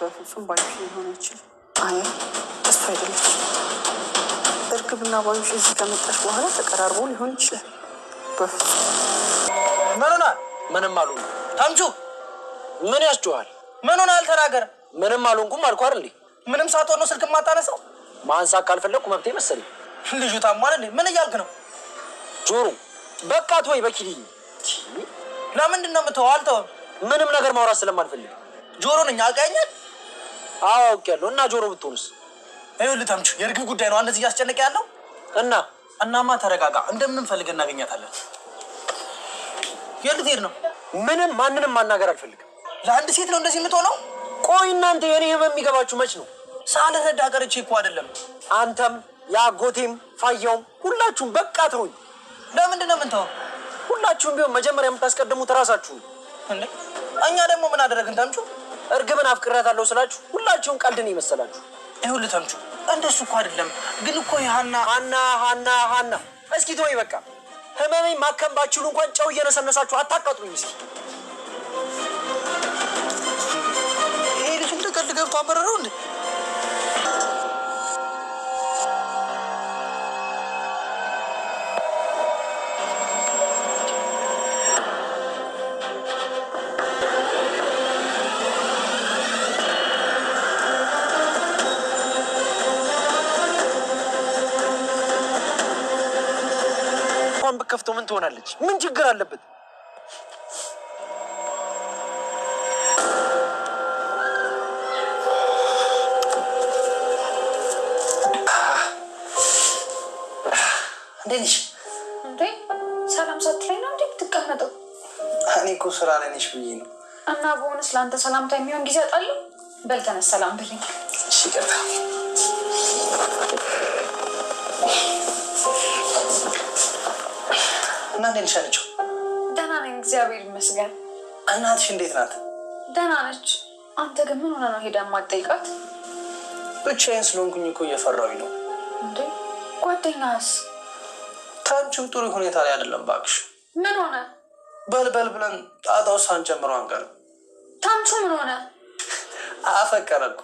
በፍጹም ባዩሽ ሊሆን አይችልም። አይ እሱ አይደለች። እርግብና ባዩሽ እዚህ ከመጣች በኋላ ተቀራርቦ ሊሆን ይችላል። በፍጹም ምንም አሉ ታምቹ፣ ምን ያስችኋል? ምንሆን አልተናገር። ምንም አልሆንኩም አልኩ አይደል? ምንም ሳትሆን ነው ስልክ የማታነሳው? ማንሳት ካልፈለግኩ መብቴ መሰለኝ። ልጁ ታሟል እንዴ? ምን እያልክ ነው? ጆሮ በቃት ወይ በኪድኝ ለምንድን ነው የምትወው? አልተወም። ምንም ነገር ማውራት ስለማልፈልግ ጆሮን እኛ አልቃኛል አውቅ ያለው እና ጆሮ ብትሆንስ? ይኸውልህ ተምቹ፣ የእርግብ ጉዳይ ነው እንደዚህ እያስጨነቀ ያለው እና እናማ ተረጋጋ፣ እንደምንፈልግ እናገኛታለን። የት ልትሄድ ነው? ምንም ማንንም ማናገር አልፈልግም። ለአንድ ሴት ነው እንደዚህ የምትሆነው? ቆይ እናንተ የኔ ህመም የሚገባችሁ መች ነው? ሳልረዳ ቀርቼ እኮ አይደለም። አንተም የአጎቴም ፋያውም ሁላችሁም በቃ ተውኝ። ለምንድን ነው የምንተው? ሁላችሁም ቢሆን መጀመሪያ የምታስቀድሙት እራሳችሁ። እኛ ደግሞ ምን አደረግን ተምቹ? እርግብን አፍቅሬያታለሁ ስላችሁ ሁላችሁም ቀልድን ይመሰላችሁ። ይኸውልህ ተምቹ እንደሱ እኮ አይደለም። ግን እኮ ሀና ሀና ሀና ሀና እስኪ ተወኝ በቃ። ህመሜን ማከም ባችሉ እንኳን ጨው እየነሰነሳችሁ አታቃጥሉኝ። እስኪ ይሄ ልጅ እንደ ቀልድ ገብቶ አመረረው እንዴ? ትሆናለች። ምን ችግር አለበት? እንዴት ነሽ? እንዴ ሰላም ሳትለኝ ነው እንዴ ትቀመጠው? እኔ እኮ ስራ ላይ ነሽ ብዬ ነው። እና በእውነት ለአንተ ሰላምታ የሚሆን ጊዜ አጣለሁ። በል ተነስ፣ ሰላም ብልኝ። እሺ ይቅርታ እናንተ ልሻለችው። ደህና ነኝ እግዚአብሔር ይመስገን። እናትሽ እንዴት ናት? ደህና ነች። አንተ ግን ምን ሆነ ነው ሄዳ ማጠይቃት? ብቻዬን ስለሆንኩኝ እኮ እየፈራሁኝ ነው። እንዴ ጓደኛስ? ታንቺም ጥሩ ሁኔታ ላይ አይደለም እባክሽ። ምን ሆነ? በልበል ብለን ጣጣው ጀምሮ አንቀርም። ታንቹ ምን ሆነ? አፈቀረኩ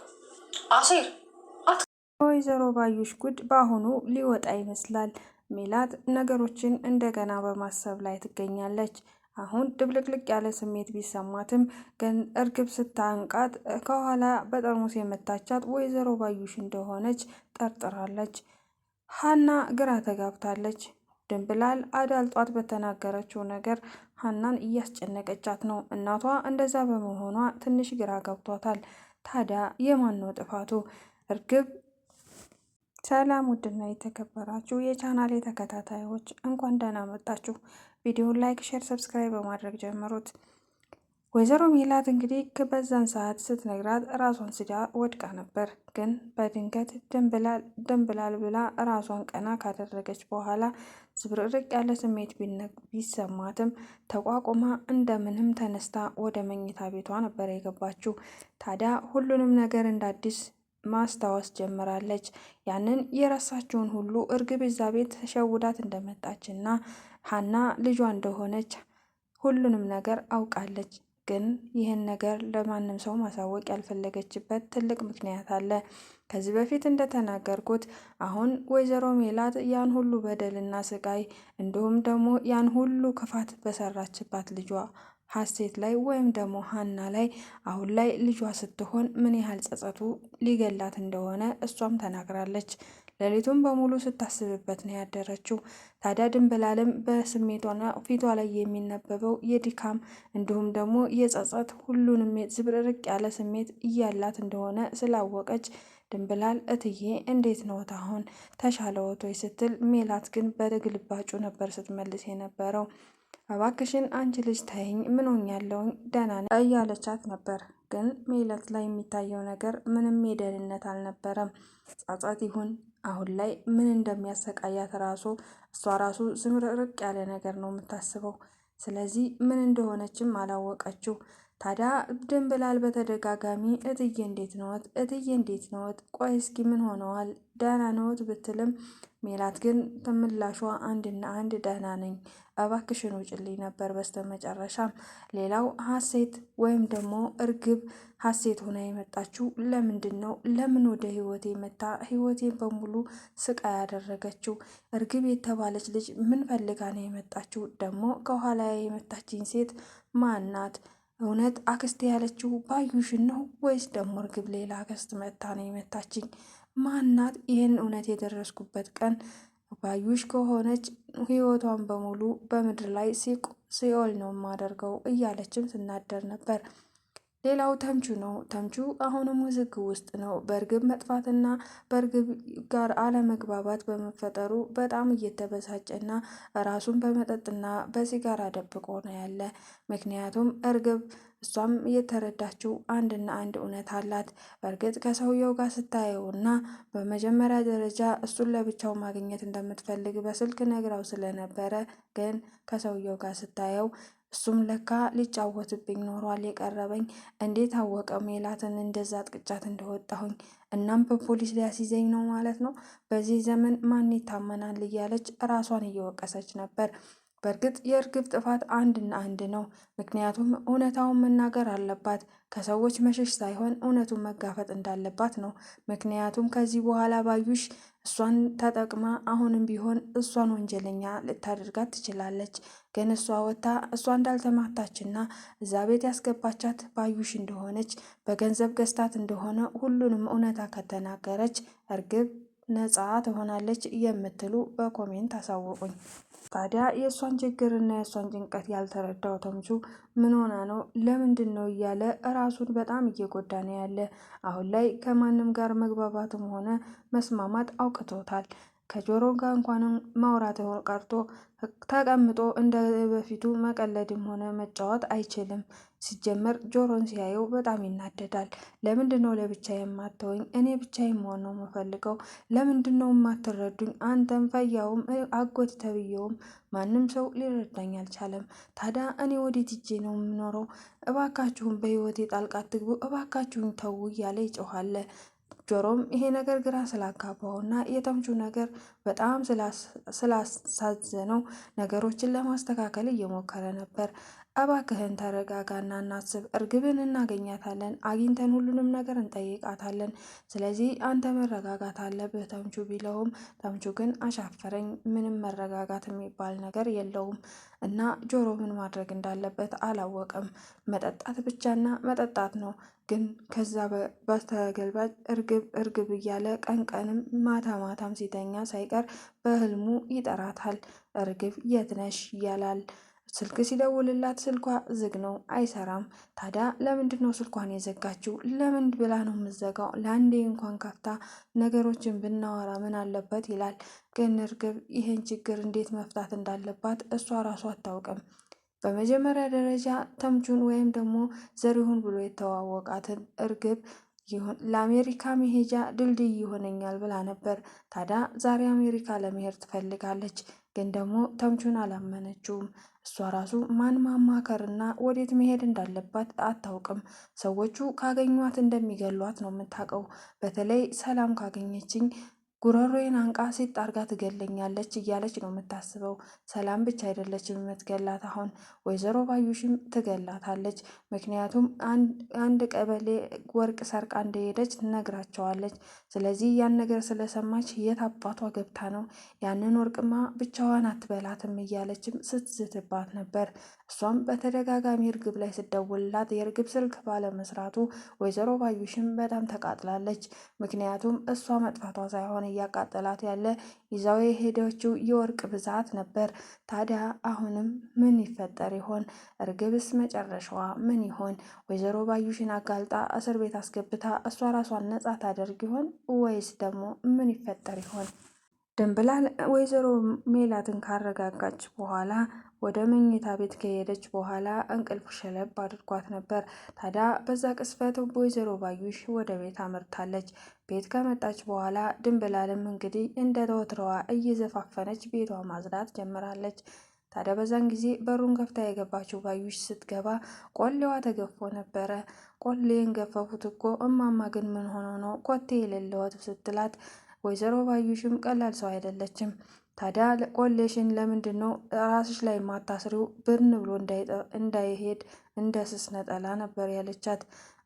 አሴር ወይዘሮ ባዩሽ ጉድ በአሁኑ ሊወጣ ይመስላል። ሜላት ነገሮችን እንደገና በማሰብ ላይ ትገኛለች። አሁን ድብልቅልቅ ያለ ስሜት ቢሰማትም ግን እርግብ ስታንቃት ከኋላ በጠርሙስ የመታቻት ወይዘሮ ባዩሽ እንደሆነች ጠርጥራለች። ሀና ግራ ተጋብታለች። ድንብላል አዳልጧት በተናገረችው ነገር ሀናን እያስጨነቀቻት ነው። እናቷ እንደዛ በመሆኗ ትንሽ ግራ ገብቷታል። ታዲያ የማን ነው ጥፋቱ? እርግብ ሰላም ውድና የተከበራችሁ የቻናል ተከታታዮች እንኳን ደህና መጣችሁ። ቪዲዮን ላይክ፣ ሼር፣ ሰብስክራይብ በማድረግ ጀምሩት። ወይዘሮ ሜላት እንግዲህ በዛን ሰዓት ስትነግራት ራሷን ስዳ ወድቃ ነበር። ግን በድንገት ደንብላል ብላ ራሷን ቀና ካደረገች በኋላ ዝብርርቅ ያለ ስሜት ቢሰማትም ተቋቁማ እንደምንም ተነስታ ወደ መኝታ ቤቷ ነበር የገባችው። ታዲያ ሁሉንም ነገር እንዳዲስ ማስታወስ ጀምራለች። ያንን የረሳችውን ሁሉ እርግብ እዛ ቤት ሸውዳት እንደመጣችና ሀና ልጇ እንደሆነች ሁሉንም ነገር አውቃለች። ግን ይህን ነገር ለማንም ሰው ማሳወቅ ያልፈለገችበት ትልቅ ምክንያት አለ። ከዚህ በፊት እንደተናገርኩት አሁን ወይዘሮ ሜላት ያን ሁሉ በደልና ስቃይ እንዲሁም ደግሞ ያን ሁሉ ክፋት በሰራችባት ልጇ ሀሴት ላይ ወይም ደግሞ ሀና ላይ አሁን ላይ ልጇ ስትሆን ምን ያህል ጸጸቱ ሊገላት እንደሆነ እሷም ተናግራለች። ሌሊቱን በሙሉ ስታስብበት ነው ያደረችው። ታዲያ ድንብላልም በስሜቷና ፊቷ ላይ የሚነበበው የድካም እንዲሁም ደግሞ የጸጸት ሁሉንም ዝብርርቅ ያለ ስሜት እያላት እንደሆነ ስላወቀች ድንብላል እትዬ እንዴት ነዎት አሁን ተሻለዎት ወይ ስትል ሜላት ግን በግልባጩ ነበር ስትመልስ የነበረው። እባክሽን አንቺ ልጅ ተይኝ፣ ምን ሆኛለሁኝ ደህና ነኝ እያለቻት ነበር። ግን ሜለት ላይ የሚታየው ነገር ምንም የደህንነት አልነበረም። ጸጸት ይሁን አሁን ላይ ምን እንደሚያሰቃያት ራሱ እሷ ራሱ ዝምርርቅ ያለ ነገር ነው የምታስበው። ስለዚህ ምን እንደሆነችም አላወቀችው። ታዲያ ድንብላል በተደጋጋሚ እትዬ እንዴት ነዎት? እትዬ እንዴት ነዎት? ቆይ እስኪ ምን ሆነዋል? ደህና ነዎት ብትልም ሜላት ግን ምላሿ አንድና አንድ ደህና ነኝ፣ እባክሽን ውጭልኝ ነበር። በስተመጨረሻም ሌላው ሀሴት ወይም ደግሞ እርግብ ሀሴት ሆና የመጣችው ለምንድን ነው? ለምን ወደ ህይወቴ መታ? ህይወቴን በሙሉ ስቃይ ያደረገችው እርግብ የተባለች ልጅ ምን ፈልጋ ነው የመጣችው? ደግሞ ከኋላ የመታችኝ ሴት ማን ናት? እውነት አክስቴ ያለችው ባዩሽን ነው ወይስ ደግሞ እርግብ ሌላ አክስት መታ ነው የመታችኝ? ማናት? ይህን እውነት የደረስኩበት ቀን ባዩሽ ከሆነች ህይወቷን በሙሉ በምድር ላይ ሲኦል ነው የማደርገው እያለችም ስናደር ነበር። ሌላው ተምቹ ነው። ተምቹ አሁንም ውዝግብ ውስጥ ነው። በእርግብ መጥፋትና በእርግብ ጋር አለመግባባት በመፈጠሩ በጣም እየተበሳጨና ራሱን በመጠጥና በሲጋራ ደብቆ ነው ያለ። ምክንያቱም እርግብ እሷም እየተረዳችው አንድና አንድ እውነት አላት። በእርግጥ ከሰውየው ጋር ስታየውና በመጀመሪያ ደረጃ እሱን ለብቻው ማግኘት እንደምትፈልግ በስልክ ነግራው ስለነበረ ግን ከሰውየው ጋር ስታየው እሱም ለካ ሊጫወትብኝ ኖሯል የቀረበኝ። እንዴት አወቀ ሜላትን እንደዛ አጥቅጫት እንደወጣሁኝ? እናም በፖሊስ ሊያስይዘኝ ነው ማለት ነው። በዚህ ዘመን ማን ይታመናል እያለች ራሷን እየወቀሰች ነበር። በእርግጥ የእርግብ ጥፋት አንድና አንድ ነው። ምክንያቱም እውነታውን መናገር አለባት። ከሰዎች መሸሽ ሳይሆን እውነቱን መጋፈጥ እንዳለባት ነው። ምክንያቱም ከዚህ በኋላ ባዩሽ እሷን ተጠቅማ አሁንም ቢሆን እሷን ወንጀለኛ ልታደርጋት ትችላለች። ግን እሷ ወታ እሷ እንዳልተማታችና እዛ ቤት ያስገባቻት ባዩሽ እንደሆነች በገንዘብ ገዝታት እንደሆነ ሁሉንም እውነታ ከተናገረች እርግብ ነፃ ትሆናለች የምትሉ በኮሜንት አሳውቁኝ። ታዲያ የእሷን ችግርና የእሷን ጭንቀት ያልተረዳው ተምቹ ምን ሆና ነው ለምንድን ነው እያለ ራሱን በጣም እየጎዳ ነው ያለ። አሁን ላይ ከማንም ጋር መግባባትም ሆነ መስማማት አውቅቶታል። ከጆሮ ጋር እንኳን ማውራት ቀርቶ ተቀምጦ እንደ በፊቱ መቀለድም ሆነ መጫወት አይችልም። ሲጀመር ጆሮን ሲያየው በጣም ይናደዳል። ለምንድን ነው ለብቻ የማተወኝ? እኔ ብቻ መሆን ነው የምፈልገው። ለምንድን ነው የማትረዱኝ? አንተም ፈያውም አጎት ተብዬውም ማንም ሰው ሊረዳኝ አልቻለም። ታዲያ እኔ ወዴት ሄጄ ነው የምኖረው? እባካችሁን በህይወቴ ጣልቃ ትግቡ፣ እባካችሁን ተዉ እያለ ይጮኋል። ጆሮም ይሄ ነገር ግራ እና የተምቹ ነገር በጣም ስላሳዘነው ነገሮችን ለማስተካከል እየሞከረ ነበር። እባክህን ተረጋጋና እናስብ። እርግብን እናገኛታለን፣ አግኝተን ሁሉንም ነገር እንጠይቃታለን። ስለዚህ አንተ መረጋጋት አለብህ ተምቹ ቢለውም ተምቹ ግን አሻፈረኝ፣ ምንም መረጋጋት የሚባል ነገር የለውም እና ጆሮ ምን ማድረግ እንዳለበት አላወቅም። መጠጣት ብቻና መጠጣት ነው። ግን ከዛ በተገልባጭ እርግብ እርግብ እያለ ቀን ቀንም ማታ ማታም ሲተኛ ሳይቀር በህልሙ ይጠራታል። እርግብ የት ነሽ? ያላል ስልክ ሲደውልላት ስልኳ ዝግ ነው፣ አይሰራም። ታዲያ ለምንድን ነው ስልኳን የዘጋችው? ለምን ብላ ነው የምዘጋው? ለአንዴ እንኳን ከፍታ ነገሮችን ብናወራ ምን አለበት ይላል። ግን እርግብ ይህን ችግር እንዴት መፍታት እንዳለባት እሷ ራሱ አታውቅም። በመጀመሪያ ደረጃ ተምቹን ወይም ደግሞ ዘሪሁን ብሎ የተዋወቃትን እርግብ ለአሜሪካ መሄጃ ድልድይ ይሆነኛል ብላ ነበር። ታዲያ ዛሬ አሜሪካ ለመሄድ ትፈልጋለች፣ ግን ደግሞ ተምቹን አላመነችውም። እሷ ራሱ ማን ማማከርና ወዴት መሄድ እንዳለባት አታውቅም። ሰዎቹ ካገኟት እንደሚገሏት ነው የምታውቀው። በተለይ ሰላም ካገኘችኝ ጉሮሮዬን አንቃ ሴት አርጋ ትገለኛለች እያለች ነው የምታስበው። ሰላም ብቻ አይደለችም የምትገላት፣ አሁን ወይዘሮ ባዩሽም ትገላታለች። ምክንያቱም አንድ ቀበሌ ወርቅ ሰርቃ እንደሄደች ትነግራቸዋለች። ስለዚህ ያን ነገር ስለሰማች የት አባቷ ገብታ ነው ያንን ወርቅማ ብቻዋን አትበላትም እያለችም ስትዝትባት ነበር። እሷም በተደጋጋሚ እርግብ ላይ ስደውልላት የእርግብ ስልክ ባለመስራቱ ወይዘሮ ባዩሽም በጣም ተቃጥላለች። ምክንያቱም እሷ መጥፋቷ ሳይሆን እያቃጠላት ያለ ይዛው የሄደችው የወርቅ ብዛት ነበር። ታዲያ አሁንም ምን ይፈጠር ይሆን? እርግብስ መጨረሻዋ ምን ይሆን? ወይዘሮ ባዩሽን አጋልጣ እስር ቤት አስገብታ እሷ ራሷን ነጻ ታደርግ ይሆን ወይስ ደግሞ ምን ይፈጠር ይሆን? ድንብላል ወይዘሮ ሜላትን ካረጋጋች በኋላ ወደ መኝታ ቤት ከሄደች በኋላ እንቅልፍ ሸለብ አድርጓት ነበር። ታዲያ በዛ ቅስፈት ወይዘሮ ባዩሽ ወደ ቤት አመርታለች። ቤት ከመጣች በኋላ ድንብላልም እንግዲህ እንደ ተወትረዋ እየዘፋፈነች ቤቷ ማጽዳት ጀምራለች። ታዲያ በዛን ጊዜ በሩን ከፍታ የገባችው ባዩሽ ስትገባ ቆሌዋ ተገፎ ነበረ። ቆሌን ገፈፉት እኮ እማማ ግን ምን ሆኖ ነው ኮቴ የሌለወት ስትላት፣ ወይዘሮ ባዩሽም ቀላል ሰው አይደለችም። ታዲያ ቆሌሽን ለምንድን ነው ራስሽ ላይ ማታስሪው? ብርን ብሎ እንዳይሄድ እንደ ስስ ነጠላ ነበር ያለቻት።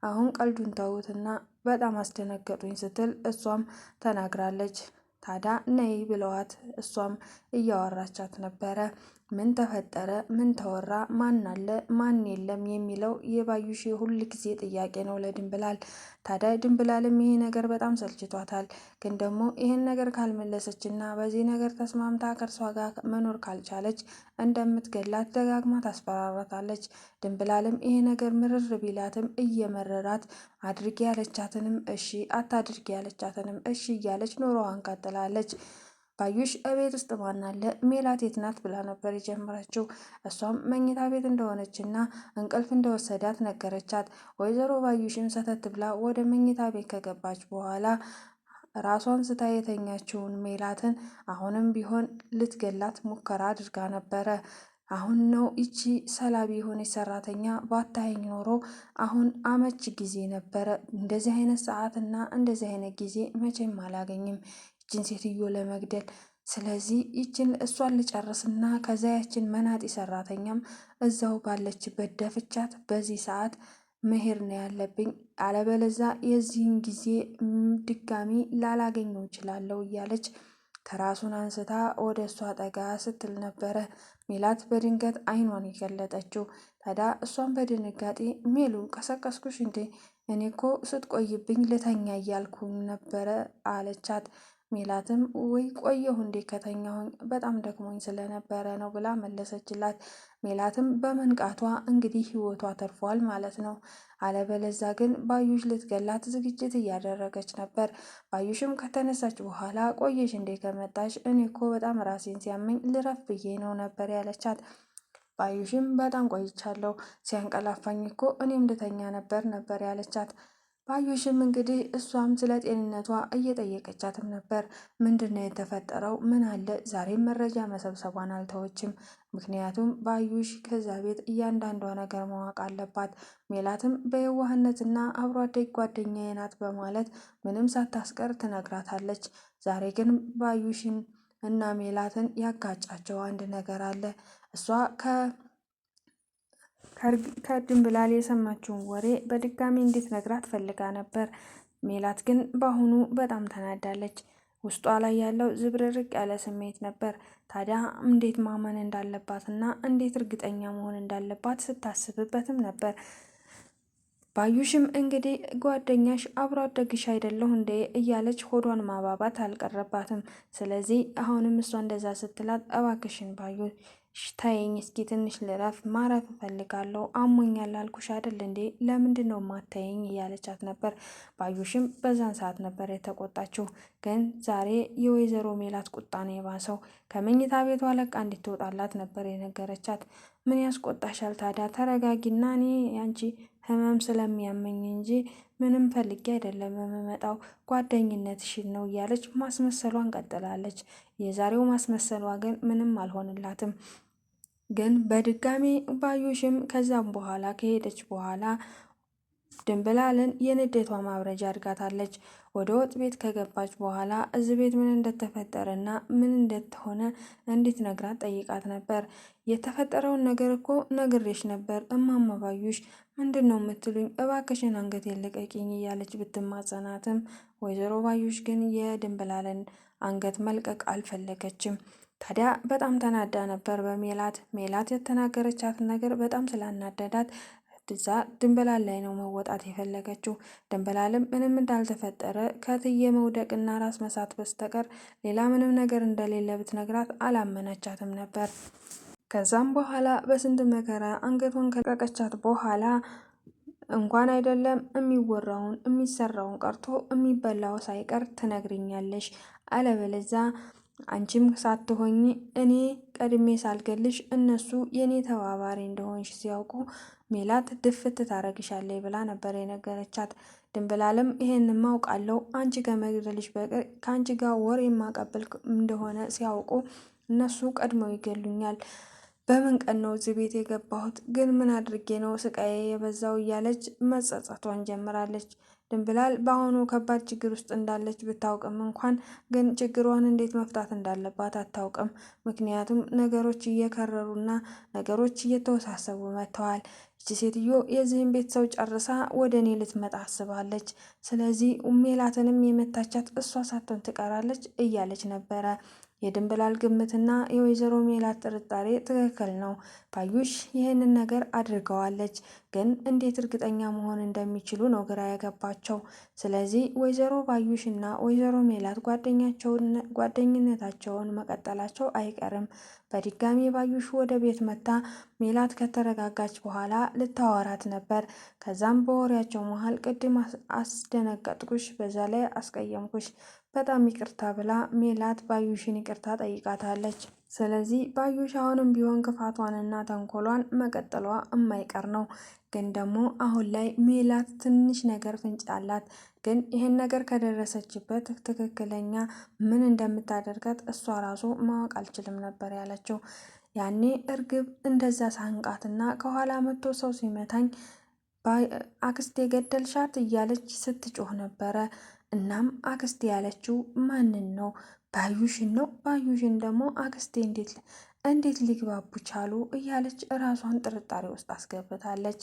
አሁን ቀልዱን ተዉትና በጣም አስደነገጡኝ ስትል እሷም ተናግራለች። ታዲያ ነይ ብለዋት እሷም እያወራቻት ነበረ። ምን ተፈጠረ? ምን ተወራ? ማን አለ? ማን የለም? የሚለው የባዩሽ ሁል ጊዜ ጥያቄ ነው ለድንብላል። ታዲያ ድንብላልም ይሄ ነገር በጣም ሰልችቷታል። ግን ደግሞ ይህን ነገር ካልመለሰች እና በዚህ ነገር ተስማምታ ከእርሷ ጋር መኖር ካልቻለች እንደምትገላት ደጋግማ ታስፈራራታለች። ድንብላልም ይሄ ነገር ምርር ቢላትም እየመረራት አድርጊ ያለቻትንም እሺ፣ አታድርጊ ያለቻትንም እሺ እያለች ኑሮዋን ቀጥላለች። ባዩሽ እቤት ውስጥ ማን ሜላት የት ናት ብላ ነበር የጀመረችው። እሷም መኝታ ቤት እንደሆነችና እንቅልፍ እንደወሰዳት ነገረቻት። ወይዘሮ ባዩሽም ሰተት ብላ ወደ መኝታ ቤት ከገባች በኋላ ራሷን ስታ የተኛችውን ሜላትን አሁንም ቢሆን ልትገላት ሙከራ አድርጋ ነበረ። አሁን ነው ይቺ ሰላቢ የሆነች ሰራተኛ ባታየኝ ኖሮ አሁን አመች ጊዜ ነበረ። እንደዚህ አይነት ሰዓትና እንደዚህ አይነት ጊዜ መቼም አላገኝም። ይችን ሴትዮ ለመግደል። ስለዚህ ይችን እሷን ልጨርስና ከዛ ያችን መናጢ ሰራተኛም እዛው ባለችበት ደፍቻት በዚህ ሰዓት መሄድ ነው ያለብኝ፣ አለበለዛ የዚህን ጊዜ ድጋሚ ላላገኘው እችላለሁ እያለች ከራሱን አንስታ ወደ እሷ ጠጋ ስትል ነበረ ሜላት በድንገት አይኗን የገለጠችው። ታዲያ እሷን በድንጋጤ ሜሉ ቀሰቀስኩሽ እንዴ? እኔ እኮ ስትቆይብኝ ልተኛ እያልኩም ነበረ አለቻት። ሜላትም ውይ ቆየሁ እንዴ ከተኛሁኝ በጣም ደክሞኝ ስለነበረ ነው ብላ መለሰችላት። ሜላትም በመንቃቷ እንግዲህ ህይወቷ ተርፏል ማለት ነው። አለበለዛ ግን ባዩሽ ልትገላት ዝግጅት እያደረገች ነበር። ባዩሽም ከተነሳች በኋላ ቆየሽ እንዴ ከመጣሽ እኔ እኮ በጣም ራሴን ሲያመኝ ልረፍ ብዬ ነው ነበር ያለቻት። ባዩሽም በጣም ቆይቻለሁ ሲያንቀላፋኝ እኮ እኔም ልተኛ ነበር ነበር ያለቻት። ባዩሽም እንግዲህ እሷም ስለ ጤንነቷ እየጠየቀቻትም ነበር። ምንድነው የተፈጠረው? ምን አለ? ዛሬም መረጃ መሰብሰቧን አልተወችም። ምክንያቱም ባዩሽ ከዛ ቤት እያንዳንዷ ነገር ማወቅ አለባት። ሜላትም በየዋህነትና አብሮ አደግ ጓደኛዬ ናት በማለት ምንም ሳታስቀር ትነግራታለች። ዛሬ ግን ባዩሽን እና ሜላትን ያጋጫቸው አንድ ነገር አለ እሷ ከድንብላል የሰማችውን ወሬ በድጋሚ ነግራት ፈልጋ ነበር። ሜላት ግን በአሁኑ በጣም ተናዳለች። ውስጧ ላይ ያለው ዝብርርቅ ያለ ስሜት ነበር። ታዲያ እንዴት ማመን እንዳለባትና እንዴት እርግጠኛ መሆን እንዳለባት ስታስብበትም ነበር። ባዩሽም እንግዲህ ጓደኛሽ አብሮ አደግሽ አይደለሁ እንዴ እያለች ሆዷን ማባባት አልቀረባትም። ስለዚህ አሁንም እሷ እንደዛ ስትላት እባክሽን ባዩ ሽታየኝ እስኪ ትንሽ ልረፍ፣ ማረፍ እፈልጋለሁ፣ አሞኛል አልኩሽ አይደል እንዴ ለምንድን ነው ማታየኝ? እያለቻት ነበር። ባዩሽም በዛን ሰዓት ነበር የተቆጣችው። ግን ዛሬ የወይዘሮ ሜላት ቁጣ ነው የባሰው። ከመኝታ ቤቷ ለቃ እንድትወጣላት ነበር የነገረቻት። ምን ያስቆጣሻል ታዲያ? ተረጋጊና እኔ ያንቺ ህመም ስለሚያመኝ እንጂ ምንም ፈልጌ አይደለም የምመጣው ጓደኝነትሽን ነው እያለች ማስመሰሏን ቀጥላለች። የዛሬው ማስመሰሏ ግን ምንም አልሆንላትም። ግን በድጋሚ ባዩሽም ከዛም በኋላ ከሄደች በኋላ ድንብላልን የንዴቷ ማብረጃ አድርጋታለች። ወደ ወጥ ቤት ከገባች በኋላ እዚ ቤት ምን እንደተፈጠረና ምን እንደተሆነ እንዲት ነግራት ጠይቃት ነበር። የተፈጠረውን ነገር እኮ ነግሬሽ ነበር እማማ ባዩሽ፣ ምንድን ነው የምትሉኝ? እባክሽን አንገቴን ልቀቂኝ እያለች ብትማጸናትም ወይዘሮ ባዩሽ ግን የድንብላልን አንገት መልቀቅ አልፈለገችም። ታዲያ በጣም ተናዳ ነበር በሜላት ሜላት የተናገረቻትን ነገር በጣም ስላናደዳት ድዛ ድንበላል ላይ ነው መወጣት የፈለገችው። ድንበላልም ምንም እንዳልተፈጠረ ከትዬ መውደቅና ራስ መሳት በስተቀር ሌላ ምንም ነገር እንደሌለ ብትነግራት አላመነቻትም ነበር። ከዛም በኋላ በስንት መከራ አንገቷን ከለቀቀቻት በኋላ እንኳን አይደለም የሚወራውን የሚሰራውን ቀርቶ የሚበላው ሳይቀር ትነግርኛለሽ አለበለዚያ አንቺም ሳትሆኝ እኔ ቀድሜ ሳልገልሽ እነሱ የእኔ ተባባሪ እንደሆንሽ ሲያውቁ ሜላት ድፍት ታረግሻለይ ብላ ነበር የነገረቻት። ድንብላልም ይሄን ማውቃለው አንቺ ከመግደልሽ በቀር ከአንቺ ጋር ወር የማቀበል እንደሆነ ሲያውቁ እነሱ ቀድመው ይገሉኛል። በምን ቀን ነው እዚህ ቤት የገባሁት? ግን ምን አድርጌ ነው ስቃዬ የበዛው? እያለች መጸጸቷን ጀምራለች። ድንብላል በአሁኑ ከባድ ችግር ውስጥ እንዳለች ብታውቅም እንኳን ግን ችግሯን እንዴት መፍታት እንዳለባት አታውቅም። ምክንያቱም ነገሮች እየከረሩና ነገሮች እየተወሳሰቡ መጥተዋል። እቺ ሴትዮ የዚህን ቤት ሰው ጨርሳ ወደ እኔ ልትመጣ አስባለች። ስለዚህ ሜላትንም የመታቻት እሷ ሳትሆን ትቀራለች እያለች ነበረ። የድንብላል ግምትና የወይዘሮ ሜላት ጥርጣሬ ትክክል ነው። ባዩሽ ይህንን ነገር አድርገዋለች፣ ግን እንዴት እርግጠኛ መሆን እንደሚችሉ ነው ግራ ያገባቸው። ስለዚህ ወይዘሮ ባዩሽ እና ወይዘሮ ሜላት ጓደኝነታቸውን መቀጠላቸው አይቀርም። በድጋሚ ባዩሽ ወደ ቤት መታ ሜላት ከተረጋጋች በኋላ ልታወራት ነበር። ከዛም በወሬያቸው መሀል ቅድም አስደነገጥኩሽ፣ በዛ ላይ አስቀየምኩሽ በጣም ይቅርታ ብላ ሜላት ባዩሽን ይቅርታ ጠይቃታለች። ስለዚህ ባዩሽ አሁንም ቢሆን ክፋቷንና ተንኮሏን መቀጠሏ የማይቀር ነው። ግን ደግሞ አሁን ላይ ሜላት ትንሽ ነገር ፍንጭ አላት። ግን ይህን ነገር ከደረሰችበት ትክክለኛ ምን እንደምታደርጋት እሷ ራሱ ማወቅ አልችልም ነበር ያለችው። ያኔ እርግብ እንደዛ ሳንቃትና ከኋላ መጥቶ ሰው ሲመታኝ አክስቴ ገደልሻት እያለች ስትጮህ ነበረ። እናም አክስቴ ያለችው ማንን ነው? ባዩሽን ነው። ባዩሽን ደግሞ አክስቴ እንዴት እንዴት ሊግባቡ ቻሉ እያለች ራሷን ጥርጣሬ ውስጥ አስገብታለች።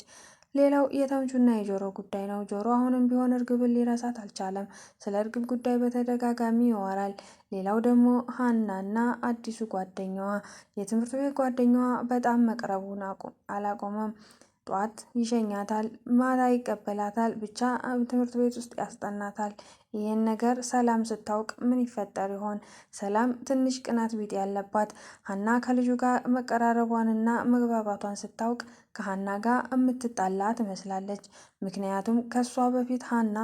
ሌላው የተምቹና የጆሮ ጉዳይ ነው። ጆሮ አሁንም ቢሆን እርግብን ሊረሳት አልቻለም። ስለ እርግብ ጉዳይ በተደጋጋሚ ይወራል። ሌላው ደግሞ ሀናና አዲሱ ጓደኛዋ የትምህርት ቤት ጓደኛዋ በጣም መቅረቡን አላቆመም። ጧት ይሸኛታል፣ ማታ ይቀበላታል፣ ብቻ ትምህርት ቤት ውስጥ ያስጠናታል። ይህን ነገር ሰላም ስታውቅ ምን ይፈጠር ይሆን? ሰላም ትንሽ ቅናት ቢጤ ያለባት ሀና ከልጁ ጋር መቀራረቧንና መግባባቷን ስታውቅ ከሀና ጋር የምትጣላ ትመስላለች። ምክንያቱም ከእሷ በፊት ሀና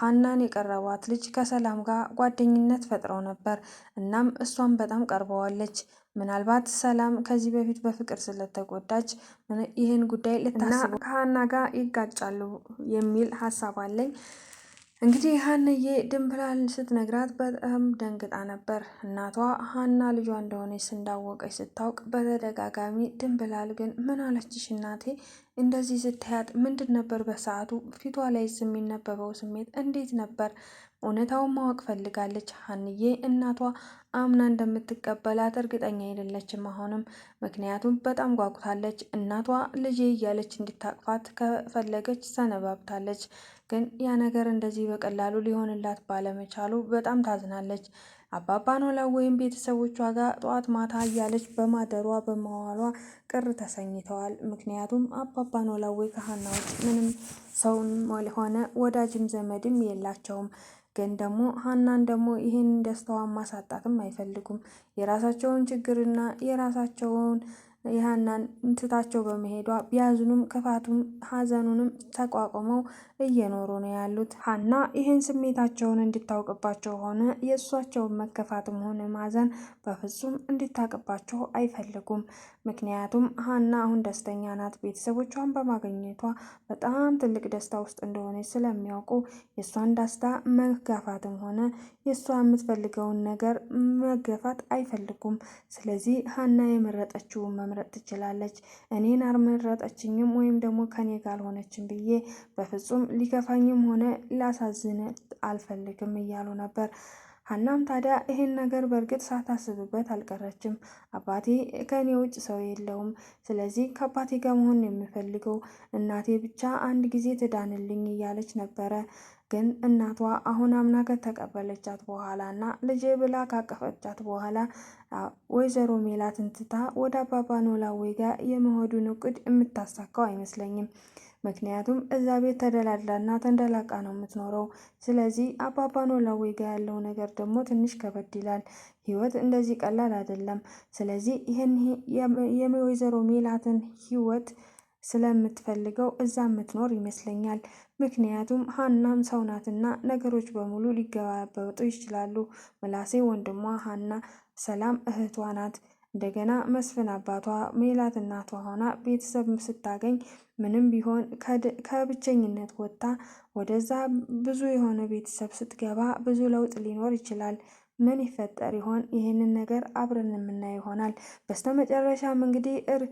ሀናን የቀረቧት ልጅ ከሰላም ጋር ጓደኝነት ፈጥረው ነበር። እናም እሷን በጣም ቀርበዋለች። ምናልባት ሰላም ከዚህ በፊት በፍቅር ስለተጎዳች ይህን ጉዳይ ልታስብ ከሀና ጋር ይጋጫሉ የሚል ሀሳብ አለኝ። እንግዲህ ሀንዬ ድንብላል ስትነግራት በጣም ደንግጣ ነበር። እናቷ ሀና ልጇ እንደሆነች እንዳወቀች ስታውቅ በተደጋጋሚ ድንብላል ግን ምን አለችሽ እናቴ? እንደዚህ ስታያት ምንድን ነበር በሰዓቱ ፊቷ ላይ የሚነበበው ስሜት እንዴት ነበር? እውነታውን ማወቅ ፈልጋለች። ሀንዬ እናቷ አምና እንደምትቀበላት እርግጠኛ አይደለችም አሁንም። ምክንያቱም በጣም ጓጉታለች። እናቷ ልጄ እያለች እንድታቅፋት ከፈለገች ሰነባብታለች። ግን ያ ነገር እንደዚህ በቀላሉ ሊሆንላት ባለመቻሉ በጣም ታዝናለች። አባባ ኖላዊ ወይም ቤተሰቦቿ ጋር ጠዋት ማታ እያለች በማደሯ በማዋሏ ቅር ተሰኝተዋል። ምክንያቱም አባባ ኖላዊ ከሀና ውጭ ምንም ሰውም ሆነ ወዳጅም ዘመድም የላቸውም። ግን ደግሞ ሀናን ደግሞ ይህን ደስታዋን ማሳጣትም አይፈልጉም። የራሳቸውን ችግርና የራሳቸውን የሀናን እንትታቸው በመሄዷ ቢያዝኑም ክፋቱም ሀዘኑንም ተቋቁመው እየኖሩ ነው ያሉት። ሀና ይህን ስሜታቸውን እንድታውቅባቸው ሆነ የእሷቸውን መከፋትም ሆነ ማዘን በፍጹም እንድታውቅባቸው አይፈልጉም። ምክንያቱም ሀና አሁን ደስተኛ ናት። ቤተሰቦቿን በማግኘቷ በጣም ትልቅ ደስታ ውስጥ እንደሆነች ስለሚያውቁ የእሷን ደስታ መጋፋትም ሆነ የእሷ የምትፈልገውን ነገር መገፋት አይፈልጉም። ስለዚህ ሀና የመረጠችውን መምረጥ ትችላለች። እኔን አልመረጠችኝም ወይም ደግሞ ከኔ ጋር አልሆነችም ብዬ በፍጹም ሊከፋኝም ሆነ ላሳዝን አልፈልግም እያሉ ነበር። ሀናም ታዲያ ይህን ነገር በእርግጥ ሳታስብበት አልቀረችም። አባቴ ከእኔ ውጭ ሰው የለውም፣ ስለዚህ ከአባቴ ጋር መሆን የሚፈልገው እናቴ ብቻ አንድ ጊዜ ትዳንልኝ እያለች ነበረ። ግን እናቷ አሁን አምና ከተቀበለቻት በኋላ እና ልጄ ብላ ካቀፈቻት በኋላ ወይዘሮ ሜላትን ትታ ወደ አባባ ኖላዊ ጋር የመሄዱን እቅድ የምታሳካው አይመስለኝም። ምክንያቱም እዛ ቤት ተደላድላና ተንደላቃ ነው የምትኖረው። ስለዚህ አባባ ኖላዊ ጋ ያለው ነገር ደግሞ ትንሽ ከበድ ይላል። ህይወት እንደዚህ ቀላል አይደለም። ስለዚህ ይህን የወይዘሮ ሜላትን ህይወት ስለምትፈልገው እዛ የምትኖር ይመስለኛል። ምክንያቱም ሀናም ሰው ናትና ነገሮች በሙሉ ሊገባበጡ ይችላሉ። ምላሴ ወንድሟ፣ ሀና ሰላም እህቷ ናት። እንደገና መስፍን አባቷ ሜላት እናቷ ሆና ቤተሰብ ስታገኝ ምንም ቢሆን ከብቸኝነት ወጥታ ወደዛ ብዙ የሆነ ቤተሰብ ስትገባ ብዙ ለውጥ ሊኖር ይችላል። ምን ይፈጠር ይሆን? ይህንን ነገር አብረን የምናይ ይሆናል። በስተመጨረሻም እንግዲህ እር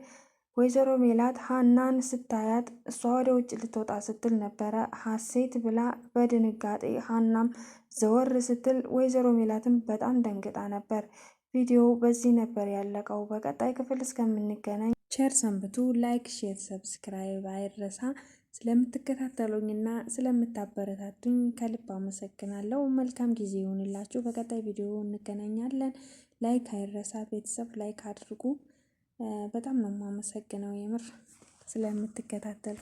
ወይዘሮ ሜላት ሀናን ስታያት እሷ ወደ ውጭ ልትወጣ ስትል ነበረ ሀሴት ብላ በድንጋጤ ሀናም ዘወር ስትል ወይዘሮ ሜላትም በጣም ደንግጣ ነበር። ቪዲዮ በዚህ ነበር ያለቀው። በቀጣይ ክፍል እስከምንገናኝ ቸር ሰንብቱ። ላይክ፣ ሼር፣ ሰብስክራይብ አይረሳ። ስለምትከታተሉኝና ስለምታበረታቱኝ ከልብ አመሰግናለሁ። መልካም ጊዜ ይሁንላችሁ። በቀጣይ ቪዲዮ እንገናኛለን። ላይክ አይረሳ። ቤተሰብ ላይክ አድርጉ። በጣም ነው የማመሰግነው የምር ስለምትከታተሉ